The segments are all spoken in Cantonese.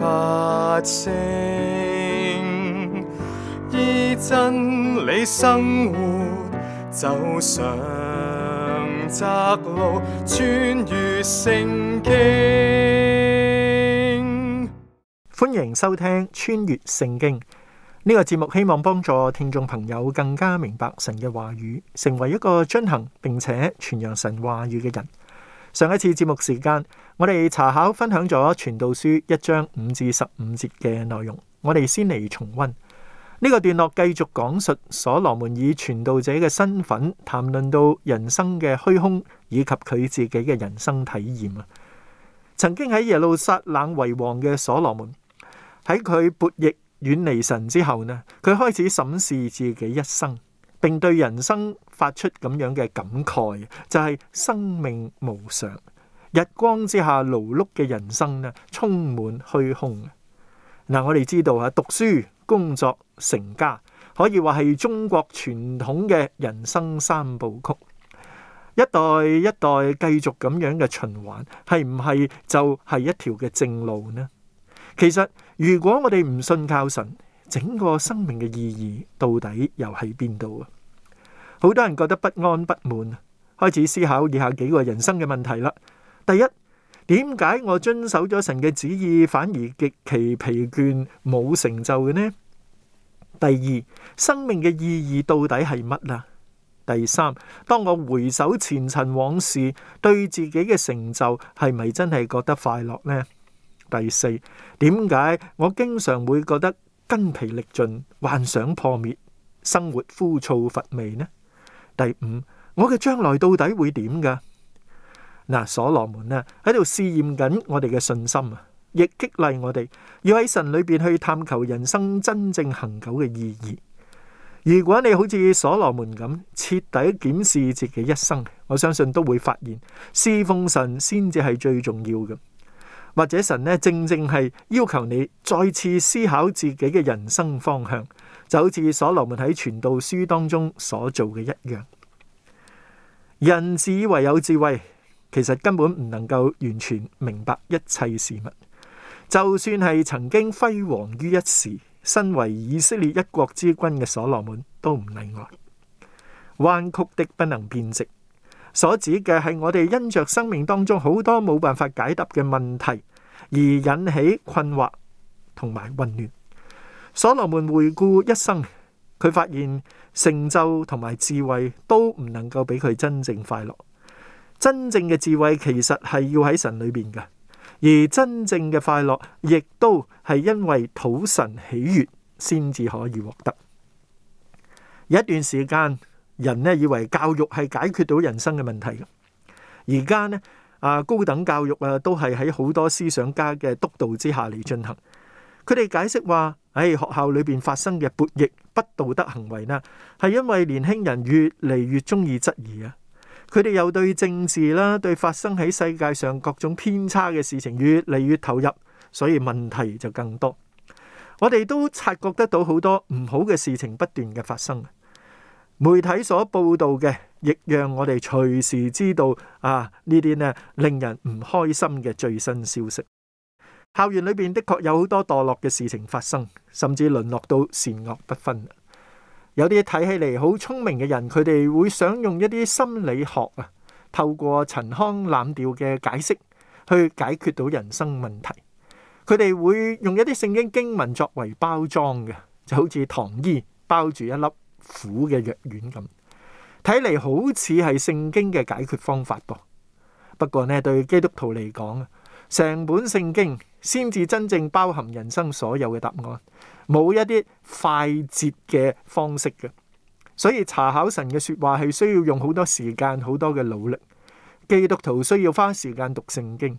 發聲依真理生活，走上窄路，穿越聖經。歡迎收聽《穿越聖經》呢個節目，希望幫助聽眾朋友更加明白神嘅話語，成為一個遵行並且傳揚神話語嘅人。上一次節目時間，我哋查考分享咗《傳道書》一章五至十五節嘅內容，我哋先嚟重温呢個段落。繼續講述所羅門以傳道者嘅身份談論到人生嘅虛空，以及佢自己嘅人生體驗啊！曾經喺耶路撒冷為王嘅所羅門，喺佢悖逆遠離神之後呢，佢開始審視自己一生。並對人生發出咁樣嘅感慨，就係、是、生命無常，日光之下勞碌嘅人生呢，充滿虛空。嗱、啊，我哋知道啊，讀書、工作、成家，可以話係中國傳統嘅人生三部曲，一代一代繼續咁樣嘅循環，係唔係就係一條嘅正路呢？其實，如果我哋唔信靠神，整個生命嘅意義到底又喺邊度啊？好多人覺得不安不滿，開始思考以下幾個人生嘅問題啦。第一，點解我遵守咗神嘅旨意，反而極其疲倦、冇成就嘅呢？第二，生命嘅意義到底係乜呀？第三，當我回首前塵往事，對自己嘅成就係咪真係覺得快樂呢？第四，點解我經常會覺得筋疲力盡、幻想破滅、生活枯燥乏味呢？第五，我嘅將來到底會點噶？嗱，所羅門呢喺度試驗緊我哋嘅信心啊，亦激勵我哋要喺神裏邊去探求人生真正恆久嘅意義。如果你好似所羅門咁徹底檢視自己一生，我相信都會發現，侍奉神先至係最重要嘅，或者神呢正正係要求你再次思考自己嘅人生方向。就好似所羅門喺傳道書當中所做嘅一樣，人自以為有智慧，其實根本唔能夠完全明白一切事物。就算係曾經輝煌於一時，身為以色列一國之君嘅所羅門，都唔例外。彎曲的不能變直，所指嘅係我哋因着生命當中好多冇辦法解答嘅問題，而引起困惑同埋混亂。所羅門回顧一生，佢發現成就同埋智慧都唔能夠俾佢真正快樂。真正嘅智慧其實係要喺神裏邊嘅，而真正嘅快樂亦都係因為討神喜悅先至可以獲得。有一段時間，人呢以為教育係解決到人生嘅問題嘅，而家呢，啊高等教育啊都係喺好多思想家嘅督導之下嚟進行。佢哋解釋話：喺、哎、學校裏邊發生嘅叛逆不道德行為呢，係因為年輕人越嚟越中意質疑啊，佢哋又對政治啦，對發生喺世界上各種偏差嘅事情越嚟越投入，所以問題就更多。我哋都察覺得到多好多唔好嘅事情不斷嘅發生，媒體所報道嘅亦讓我哋隨時知道啊呢啲呢令人唔開心嘅最新消息。校園裏邊的確有好多墮落嘅事情發生，甚至淪落到善惡不分。有啲睇起嚟好聰明嘅人，佢哋會想用一啲心理學啊，透過陳腔濫調嘅解釋去解決到人生問題。佢哋會用一啲聖經經文作為包裝嘅，就好似糖衣包住一粒苦嘅藥丸咁。睇嚟好似係聖經嘅解決方法噃。不過呢，對基督徒嚟講。成本聖經先至真正包含人生所有嘅答案，冇一啲快捷嘅方式嘅。所以查考神嘅說話係需要用好多時間，好多嘅努力。基督徒需要花時間讀聖經。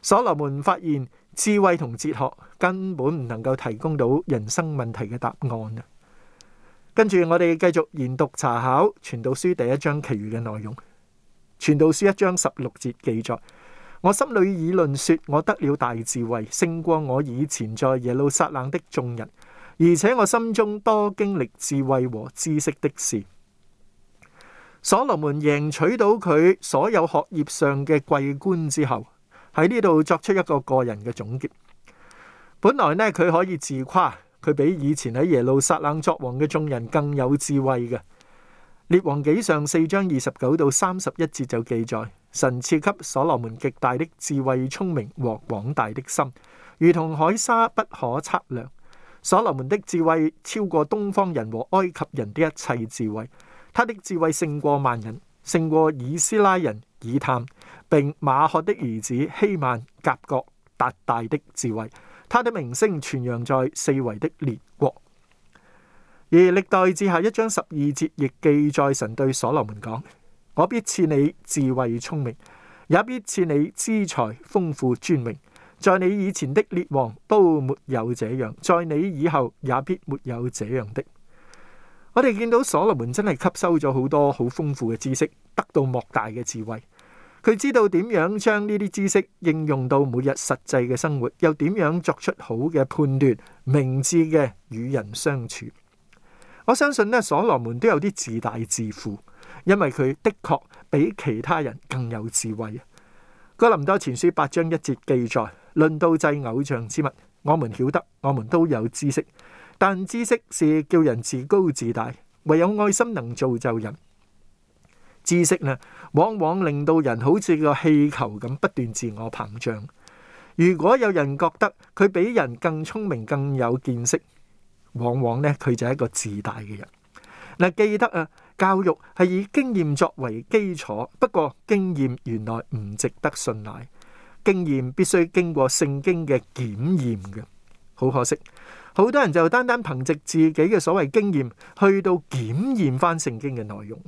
所羅門發現智慧同哲學根本唔能夠提供到人生問題嘅答案啊！跟住我哋繼續研讀查考傳道書第一章，其餘嘅內容。傳道書一章十六節記載。我心裏議論說，我得了大智慧，勝過我以前在耶路撒冷的眾人，而且我心中多經歷智慧和知識的事。所羅門贏取到佢所有學業上嘅桂冠之後，喺呢度作出一個個人嘅總結。本來呢，佢可以自誇，佢比以前喺耶路撒冷作王嘅眾人更有智慧嘅。列王紀上四章二十九到三十一節就記載。神賜給所羅門極大的智慧、聰明和廣大的心，如同海沙不可測量。所羅門的智慧超過東方人和埃及人的一切智慧，他的智慧勝過萬人，勝過以斯拉人、以探，並馬可的兒子希曼、甲各、達大的智慧。他的名聲傳揚在四圍的列國。而歷代志下一章十二節亦記載神對所羅門講。我必賜你智慧聰明，也必賜你資財豐富尊榮。在你以前的列王都沒有這樣，在你以後也必沒有這樣的。我哋見到所羅門真係吸收咗好多好豐富嘅知識，得到莫大嘅智慧。佢知道點樣將呢啲知識應用到每日實際嘅生活，又點樣作出好嘅判斷、明智嘅與人相處。我相信呢，所羅門都有啲自大自負。因為佢的確比其他人更有智慧。《哥林多前書》八章一節記載：論到祭偶像之物，我們曉得，我們都有知識，但知識是叫人自高自大，唯有愛心能造就人。知識呢，往往令到人好似個氣球咁不斷自我膨脹。如果有人覺得佢比人更聰明、更有見識，往往呢，佢就係一個自大嘅人。嗱，記得啊。教育係以經驗作為基礎，不過經驗原來唔值得信賴，經驗必須經過聖經嘅檢驗嘅。好可惜，好多人就單單憑藉自己嘅所謂經驗去到檢驗翻聖經嘅內容。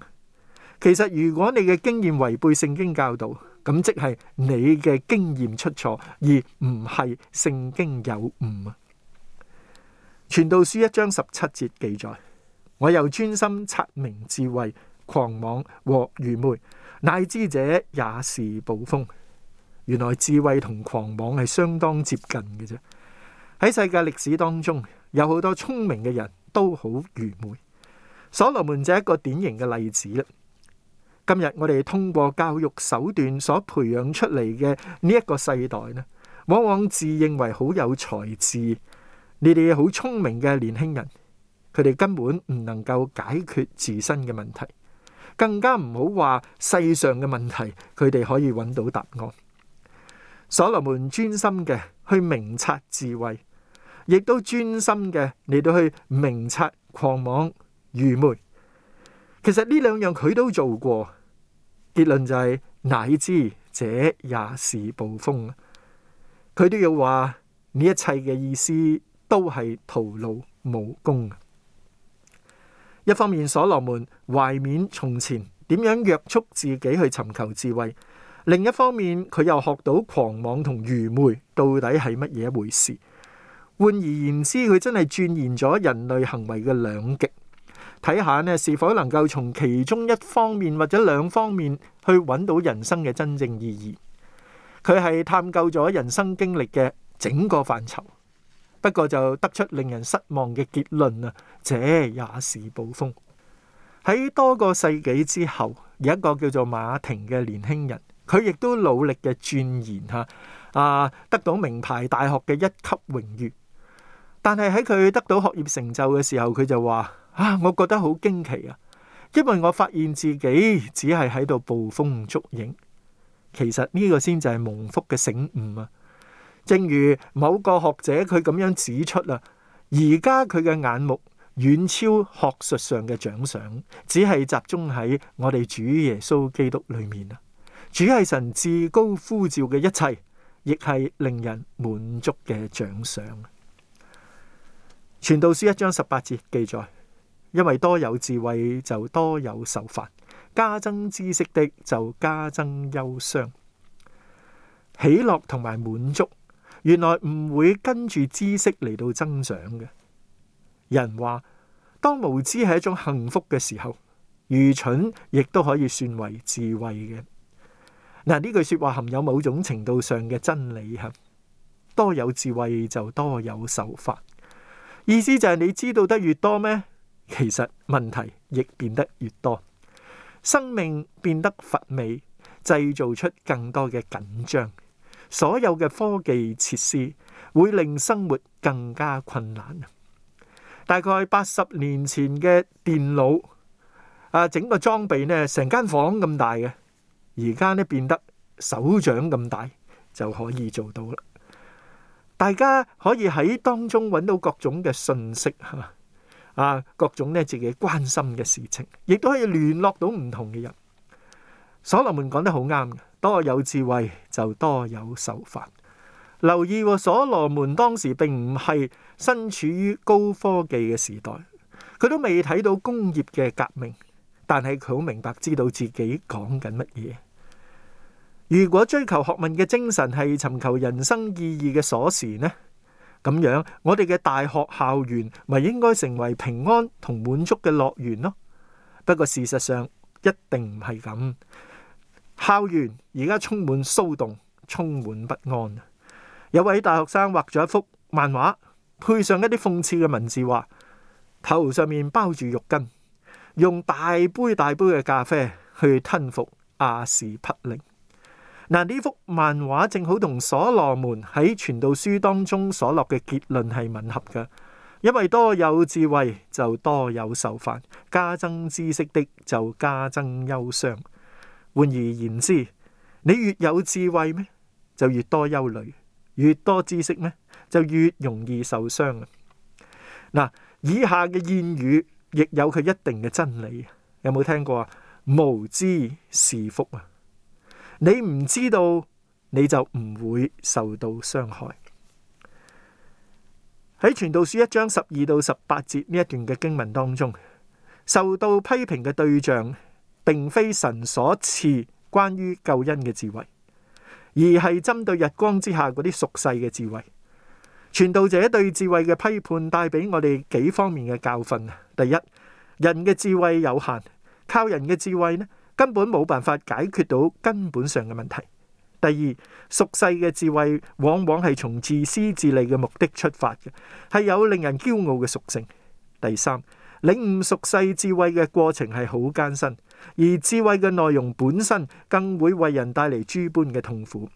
其實如果你嘅經驗違背聖經教導，咁即係你嘅經驗出錯，而唔係聖經有誤啊。傳道書一章十七節記載。我又專心察明智慧、狂妄和愚昧，乃知這也是捕風。原來智慧同狂妄係相當接近嘅啫。喺世界歷史當中，有好多聰明嘅人都好愚昧。所羅門就係一個典型嘅例子啦。今日我哋通過教育手段所培養出嚟嘅呢一個世代呢，往往自認為好有才智，你哋好聰明嘅年輕人。佢哋根本唔能夠解決自身嘅問題，更加唔好話世上嘅問題，佢哋可以揾到答案。所羅門專心嘅去明察智慧，亦都專心嘅你到嚟到去明察狂妄愚昧。其實呢兩樣佢都做過，結論就係、是、乃知這也是捕風。佢都要話呢一切嘅意思都係徒勞無功。一方面，所羅門懷緬從前，點樣約束自己去尋求智慧；另一方面，佢又學到狂妄同愚昧到底係乜嘢一回事。換而言之，佢真係鑽研咗人類行為嘅兩極。睇下呢，是否能夠從其中一方面或者兩方面去揾到人生嘅真正意義？佢係探究咗人生經歷嘅整個範疇。不過就得出令人失望嘅結論啊！這也是捕風。喺多個世紀之後，有一個叫做馬婷嘅年輕人，佢亦都努力嘅鑽研嚇啊，得到名牌大學嘅一級榮譽。但係喺佢得到學業成就嘅時候，佢就話：啊，我覺得好驚奇啊！因為我發現自己只係喺度捕風捉影。其實呢個先就係蒙福嘅醒悟啊！正如某個學者佢咁樣指出啦，而家佢嘅眼目遠超學術上嘅獎賞，只係集中喺我哋主耶穌基督裏面啦。主係神至高呼召嘅一切，亦係令人滿足嘅獎賞。傳道書一章十八節記載：因為多有智慧就多有受罰，加增知識的就加增憂傷，喜樂同埋滿足。原來唔會跟住知識嚟到增長嘅。有人話，當無知係一種幸福嘅時候，愚蠢亦都可以算為智慧嘅。嗱，呢句說話含有某種程度上嘅真理啊。多有智慧就多有手法，意思就係你知道得越多咩？其實問題亦變得越多，生命變得乏味，製造出更多嘅緊張。所有嘅科技設施會令生活更加困難。大概八十年前嘅電腦啊，整個裝備呢，成間房咁大嘅，而家呢，變得手掌咁大就可以做到啦。大家可以喺當中揾到各種嘅信息，吓啊，各種呢，自己關心嘅事情，亦都可以聯絡到唔同嘅人。所羅門講得好啱多有智慧就多有受罰。留意，所羅門當時並唔係身處於高科技嘅時代，佢都未睇到工業嘅革命，但係佢好明白知道自己講緊乜嘢。如果追求學問嘅精神係尋求人生意義嘅鎖匙呢？咁樣，我哋嘅大學校園咪應該成為平安同滿足嘅樂園咯？不過事實上，一定唔係咁。校園而家充滿騷動，充滿不安。有位大學生畫咗一幅漫畫，配上一啲諷刺嘅文字，話頭上面包住浴巾，用大杯大杯嘅咖啡去吞服阿士匹林。嗱，呢幅漫畫正好同所羅門喺傳道書當中所落嘅結論係吻合嘅，因為多有智慧就多有愁煩，加增知識的就加增憂傷。換而言之，你越有智慧咩，就越多憂慮；越多知識咩，就越容易受傷啊！嗱，以下嘅諺語亦有佢一定嘅真理，有冇聽過啊？無知是福啊！你唔知道，你就唔會受到傷害。喺傳道書一章十二到十八節呢一段嘅經文當中，受到批評嘅對象。並非神所賜關於救恩嘅智慧，而係針對日光之下嗰啲屬世嘅智慧。傳道者對智慧嘅批判帶俾我哋幾方面嘅教訓啊。第一，人嘅智慧有限，靠人嘅智慧呢，根本冇辦法解決到根本上嘅問題。第二，屬世嘅智慧往往係從自私自利嘅目的出發嘅，係有令人驕傲嘅屬性。第三，領悟屬世智慧嘅過程係好艱辛。而智慧嘅內容本身更會為人帶嚟諸般嘅痛苦。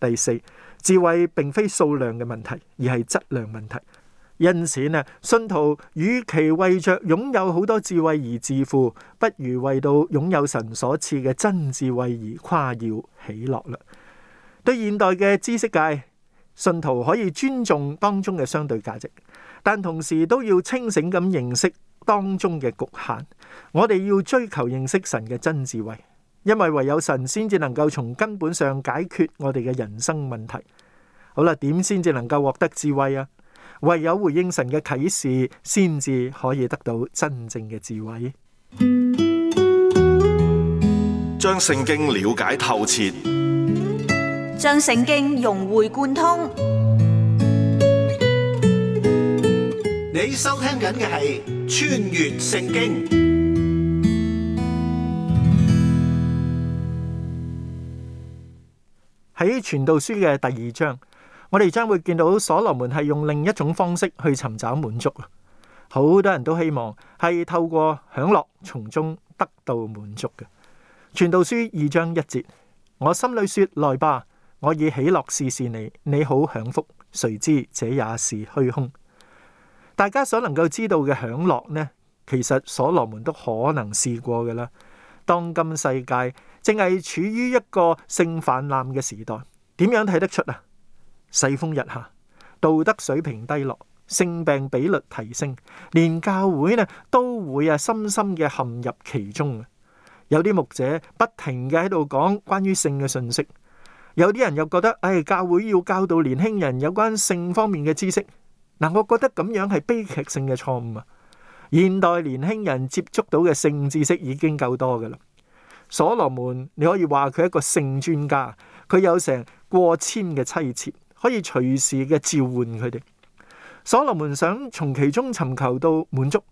第四，智慧並非數量嘅問題，而係質量問題。因此呢，信徒與其為着擁有好多智慧而自負，不如為到擁有神所賜嘅真智慧而誇耀喜樂啦。對現代嘅知識界，信徒可以尊重當中嘅相對價值，但同時都要清醒咁認識。當中嘅局限，我哋要追求認識神嘅真智慧，因為唯有神先至能夠從根本上解決我哋嘅人生問題。好啦，點先至能夠獲得智慧啊？唯有回應神嘅啟示，先至可以得到真正嘅智慧。將聖經了解透徹，將聖經融會貫通。你收聽緊嘅係穿越聖經，喺傳道書嘅第二章，我哋將會見到所羅門係用另一種方式去尋找滿足。好多人都希望係透過享樂從中得到滿足嘅。傳道書二章一節，我心裏說：來吧，我以喜樂試試你，你好享福。誰知這也是虛空。大家所能夠知道嘅享樂呢，其實所羅門都可能試過嘅啦。當今世界正係處於一個性泛濫嘅時代，點樣睇得出啊？世風日下，道德水平低落，性病比率提升，連教會呢都會啊深深嘅陷入其中。有啲牧者不停嘅喺度講關於性嘅信息，有啲人又覺得，唉、哎，教會要教導年輕人有關性方面嘅知識。嗱，我覺得咁樣係悲劇性嘅錯誤啊！現代年輕人接觸到嘅性知識已經夠多㗎喇。所羅門你可以話佢係一個性專家，佢有成過千嘅妻妾，可以隨時嘅召喚佢哋。所羅門想從其中尋求到滿足，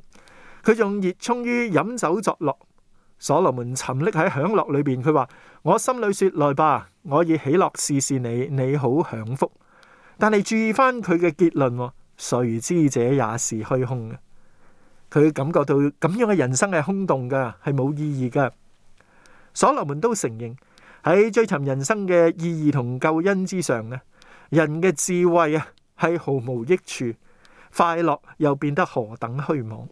佢仲熱衷於飲酒作樂。所羅門沉溺喺享樂裏邊，佢話，我心裏說來吧，我可以喜樂試試你，你好享福。但係注意翻佢嘅結論。誰知者也是虛空嘅，佢感覺到咁樣嘅人生係空洞嘅，係冇意義嘅。所羅門都承認喺追尋人生嘅意義同救恩之上咧，人嘅智慧啊係毫無益處，快樂又變得何等虛妄。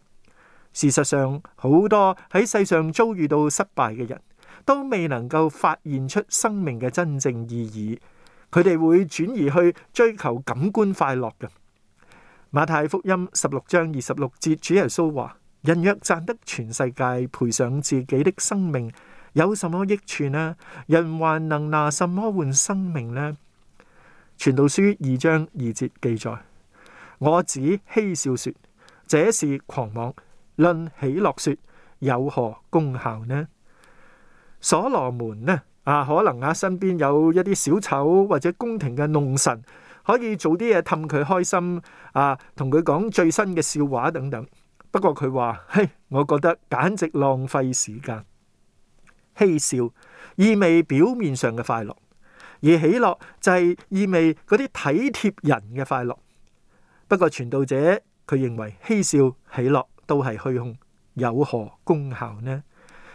事實上，好多喺世上遭遇到失敗嘅人都未能夠發現出生命嘅真正意義，佢哋會轉移去追求感官快樂嘅。馬太福音十六章二十六節，主耶穌話：人若賺得全世界，賠上自己的生命，有什麼益處呢？人還能拿什麼換生命呢？傳道書二章二節記載：我指嬉笑說，這是狂妄；論喜樂說，有何功效呢？所羅門呢？啊，可能啊，身邊有一啲小丑或者宮廷嘅弄臣。可以做啲嘢氹佢開心，啊，同佢講最新嘅笑話等等。不過佢話：嘿，我覺得簡直浪費時間。嬉笑意味表面上嘅快樂，而喜樂就係意味嗰啲體貼人嘅快樂。不過傳道者佢認為嬉笑喜樂都係虛空，有何功效呢？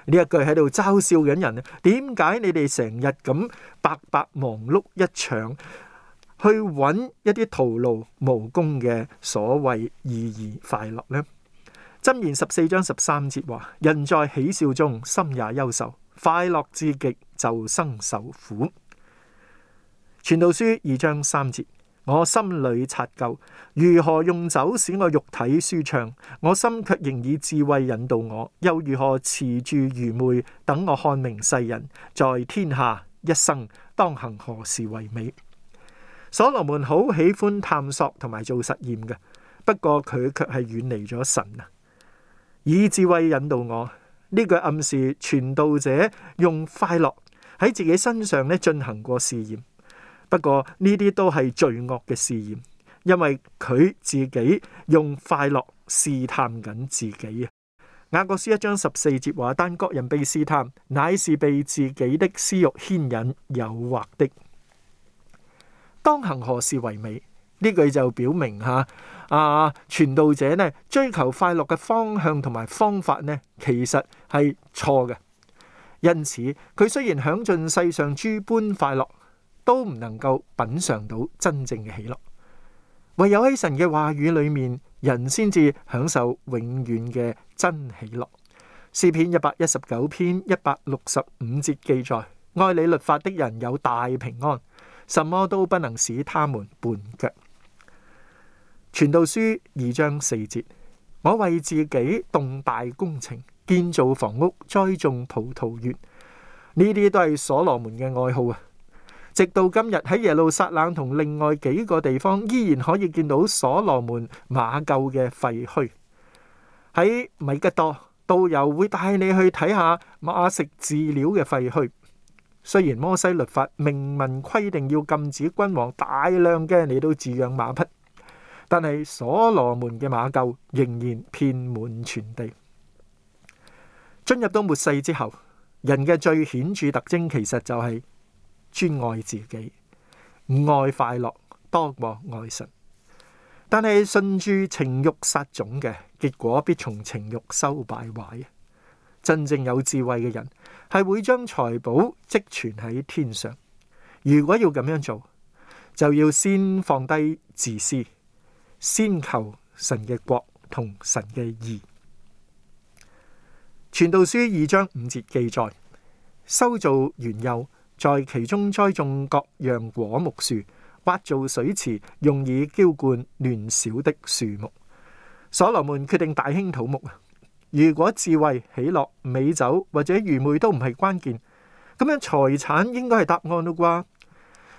呢一句喺度嘲笑緊人啊！點解你哋成日咁白白忙碌一場？去揾一啲徒勞無功嘅所謂意義快樂呢？箴言十四章十三節話：人在喜笑中，心也憂愁；快樂至極就生受苦。傳道書二章三節：我心裏察究，如何用酒使我肉體舒暢？我心卻仍以智慧引導我，又如何持住愚昧？等我看明世人，在天下一生當行何時為美？所羅門好喜歡探索同埋做實驗嘅，不過佢卻係遠離咗神啊！以智慧引導我呢句暗示傳道者用快樂喺自己身上咧進行過試驗，不過呢啲都係罪惡嘅試驗，因為佢自己用快樂試探緊自己啊！雅各書一章十四節話：，但各人被試探，乃是被自己的私欲牽引誘惑的。當行何事為美？呢句就表明吓，啊，傳道者呢追求快樂嘅方向同埋方法呢，其實係錯嘅。因此，佢雖然享盡世上諸般快樂，都唔能夠品嘗到真正嘅喜樂。唯有喺神嘅話語裡面，人先至享受永遠嘅真喜樂。詩篇一百一十九篇一百六十五節記載：，愛你律法的人有大平安。什麼都不能使他們絆腳。傳道書二章四節：我為自己動大工程，建造房屋，栽種葡萄園。呢啲都係所羅門嘅愛好啊！直到今日喺耶路撒冷同另外幾個地方，依然可以見到所羅門馬廄嘅廢墟。喺米吉多，導遊會帶你去睇下馬食飼料嘅廢墟。雖然摩西律法明文規定要禁止君王大量嘅，你都飼養馬匹，但係所羅門嘅馬廄仍然遍滿全地。進入到末世之後，人嘅最顯著特徵其實就係專愛自己，愛快樂多過愛神，但係順住情慾撒種嘅結果，必從情慾收敗壞真正有智慧嘅人，係會將財寶積存喺天上。如果要咁樣做，就要先放低自私，先求神嘅國同神嘅義。傳道書二章五節記載：修造園囿，在其中栽種各樣果木樹，挖造水池，用以澆灌嫩小的樹木。所羅門決定大興土木如果智慧、喜樂、美酒或者愚昧都唔係關鍵，咁樣財產應該係答案啦啩？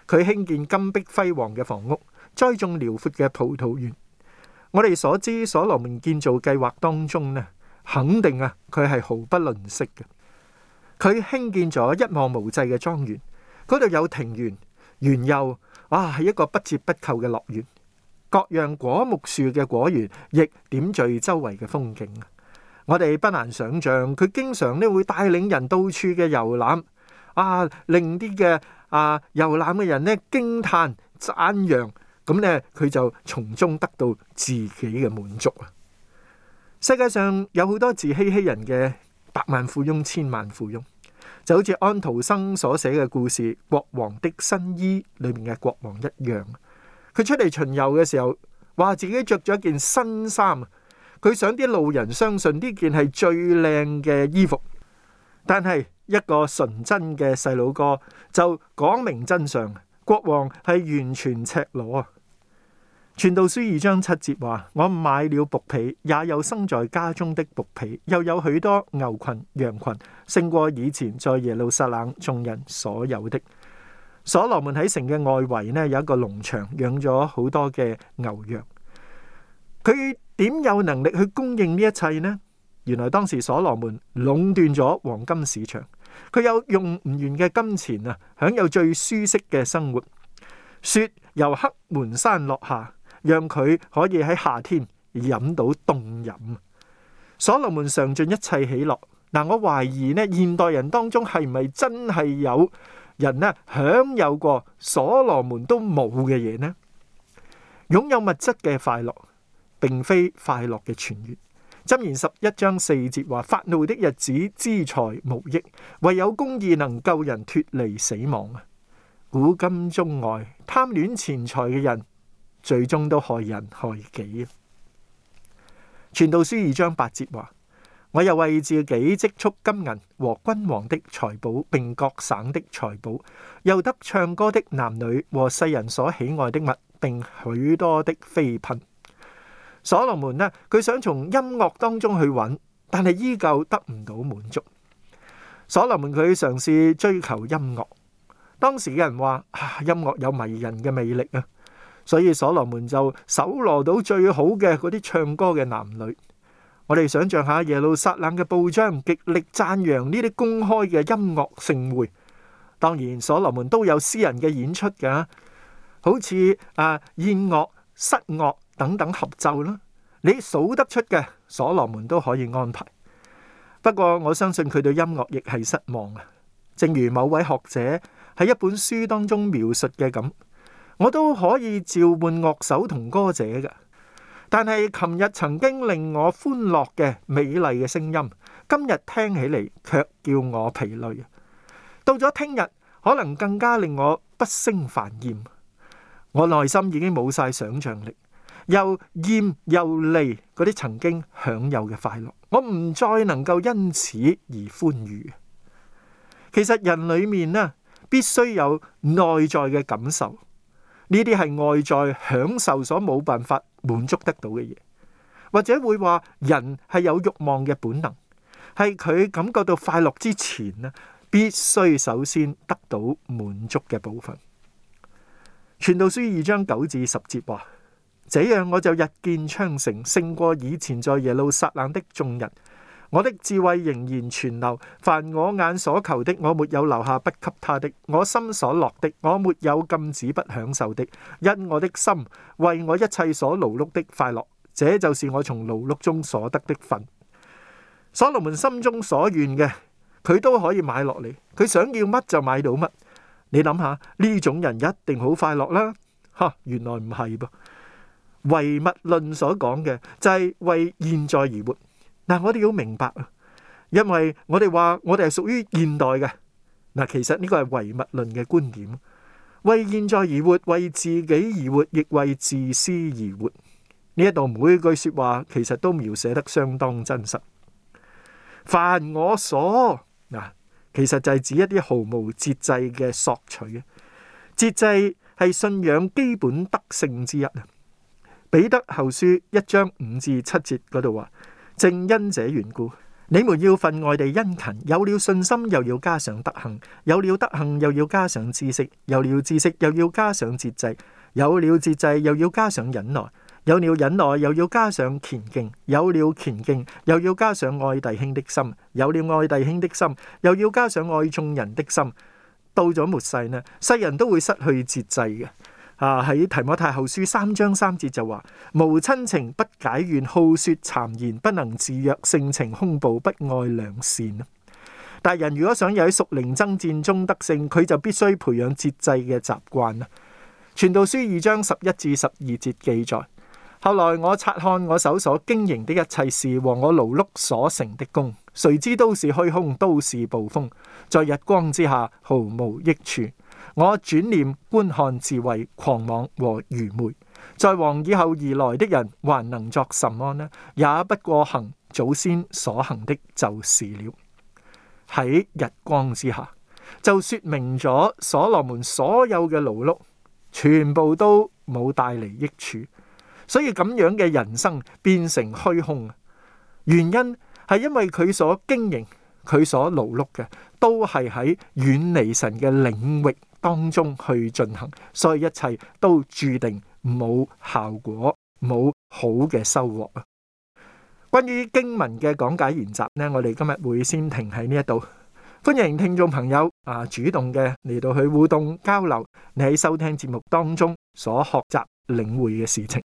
佢興建金碧輝煌嘅房屋，栽種遼闊嘅葡萄園。我哋所知，所羅門建造計劃當中呢，肯定啊，佢係毫不吝惜嘅。佢興建咗一望無際嘅莊園，嗰度有庭園、園遊，哇係一個不折不扣嘅樂園。各樣果木樹嘅果園亦點綴周圍嘅風景。我哋不難想象，佢經常咧會帶領人到處嘅遊覽，啊，令啲嘅啊遊覽嘅人咧驚歎讚揚，咁咧佢就從中得到自己嘅滿足啊！世界上有好多自欺欺人嘅百萬富翁、千萬富翁，就好似安徒生所寫嘅故事《國王的新衣》裏面嘅國王一樣，佢出嚟巡遊嘅時候，話自己着咗一件新衫。佢想啲路人相信呢件係最靚嘅衣服，但係一個純真嘅細佬哥就講明真相。國王係完全赤裸啊！傳道書二章七節話：我買了僕婢，也有生在家中的僕婢，又有許多牛群羊群，勝過以前在耶路撒冷眾人所有的。所羅門喺城嘅外圍呢有一個農場，養咗好多嘅牛羊。佢。點有能力去供應呢一切呢？原來當時所羅門壟斷咗黃金市場，佢有用唔完嘅金錢啊，享有最舒適嘅生活。雪由黑門山落下，讓佢可以喺夏天飲到凍飲。所羅門嘗盡一切喜樂。嗱，我懷疑呢現代人當中係咪真係有人呢享有過所羅門都冇嘅嘢呢？擁有物質嘅快樂。並非快樂嘅泉源。箴言十一章四節話：發怒的日子，資財無益；唯有公義能救人脫離死亡啊！古今中外，貪戀錢財嘅人，最終都害人害己。傳道書二章八節話：我又為自己積蓄金銀和君王的財寶，並各省的財寶，又得唱歌的男女和世人所喜愛的物，並許多的妃嬪。所羅門呢，佢想從音樂當中去揾，但係依舊得唔到滿足。所羅門佢嘗試追求音樂，當時嘅人話：啊，音樂有迷人嘅魅力啊！所以所羅門就搜羅到最好嘅嗰啲唱歌嘅男女。我哋想象下耶路撒冷嘅報章極力讚揚呢啲公開嘅音樂盛會。當然，所羅門都有私人嘅演出㗎，好似啊，宴樂、失樂。等等合奏啦，你數得出嘅所羅門都可以安排。不過我相信佢對音樂亦係失望啊！正如某位學者喺一本書當中描述嘅咁，我都可以召喚樂手同歌者嘅。但係琴日曾經令我歡樂嘅美麗嘅聲音，今日聽起嚟卻叫我疲累。到咗聽日，可能更加令我不勝煩厭。我內心已經冇晒想象力。又厭又膩，嗰啲曾經享有嘅快樂，我唔再能夠因此而歡愉。其實人裏面呢，必須有內在嘅感受，呢啲係外在享受所冇辦法滿足得到嘅嘢，或者會話人係有欲望嘅本能，係佢感覺到快樂之前呢，必須首先得到滿足嘅部分。傳道書二章九至十節話。這樣我就日見昌盛，勝過以前在耶路撒冷的眾人。我的智慧仍然存留，凡我眼所求的，我沒有留下不給他的；我心所樂的，我沒有禁止不享受的。因我的心為我一切所勞碌的快樂，這就是我從勞碌中所得的份。所羅門心中所願嘅，佢都可以買落嚟。佢想要乜就買到乜。你諗下呢種人一定好快樂啦。吓，原來唔係噃。唯物論所講嘅就係為現在而活。嗱，我哋要明白，因為我哋話我哋係屬於現代嘅，嗱，其實呢個係唯物論嘅觀點。為現在而活，為自己而活，亦為自私而活。呢一度每句説話其實都描寫得相當真實。凡我所，嗱，其實就係指一啲毫無節制嘅索取。節制，係信仰基本德性之一。彼得後書一章五至七節嗰度話：正因這緣故，你們要分外地殷勤，有了信心又要加上德行，有了德行又要加上知識，有了知識又要加上節制，有了節制又要加上忍耐，有了忍耐又要加上虔敬，有了虔敬又要加上愛弟兄的心，有了愛弟兄的心又要加上愛眾人的心。到咗末世呢，世人都會失去節制嘅。啊！喺《提摩太後書》三章三節就話：無親情不解怨，好説讒言不能自約，性情兇暴不愛良善。大人如果想喺屬靈爭戰中得勝，佢就必須培養節制嘅習慣啊！《傳道書》二章十一至十二節記載：後來我察看我手所經營的一切事和我勞碌所成的功，誰知都是虛空，都是暴風，在日光之下毫無益處。我轉念觀看智慧狂妄和愚昧，在王以後而來的人還能作什麼呢？也不過行祖先所行的就是了。喺日光之下，就說明咗所羅門所有嘅勞碌，全部都冇帶嚟益處，所以咁樣嘅人生變成虛空，原因係因為佢所經營，佢所勞碌嘅。都係喺遠離神嘅領域當中去進行，所以一切都注定冇效果、冇好嘅收穫啊！關於經文嘅講解原則咧，我哋今日會先停喺呢一度。歡迎聽眾朋友啊，主動嘅嚟到去互動交流，你喺收聽節目當中所學習領會嘅事情。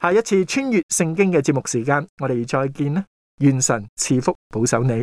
下一次穿越聖經嘅節目時間，我哋再見啦！願神賜福保守你。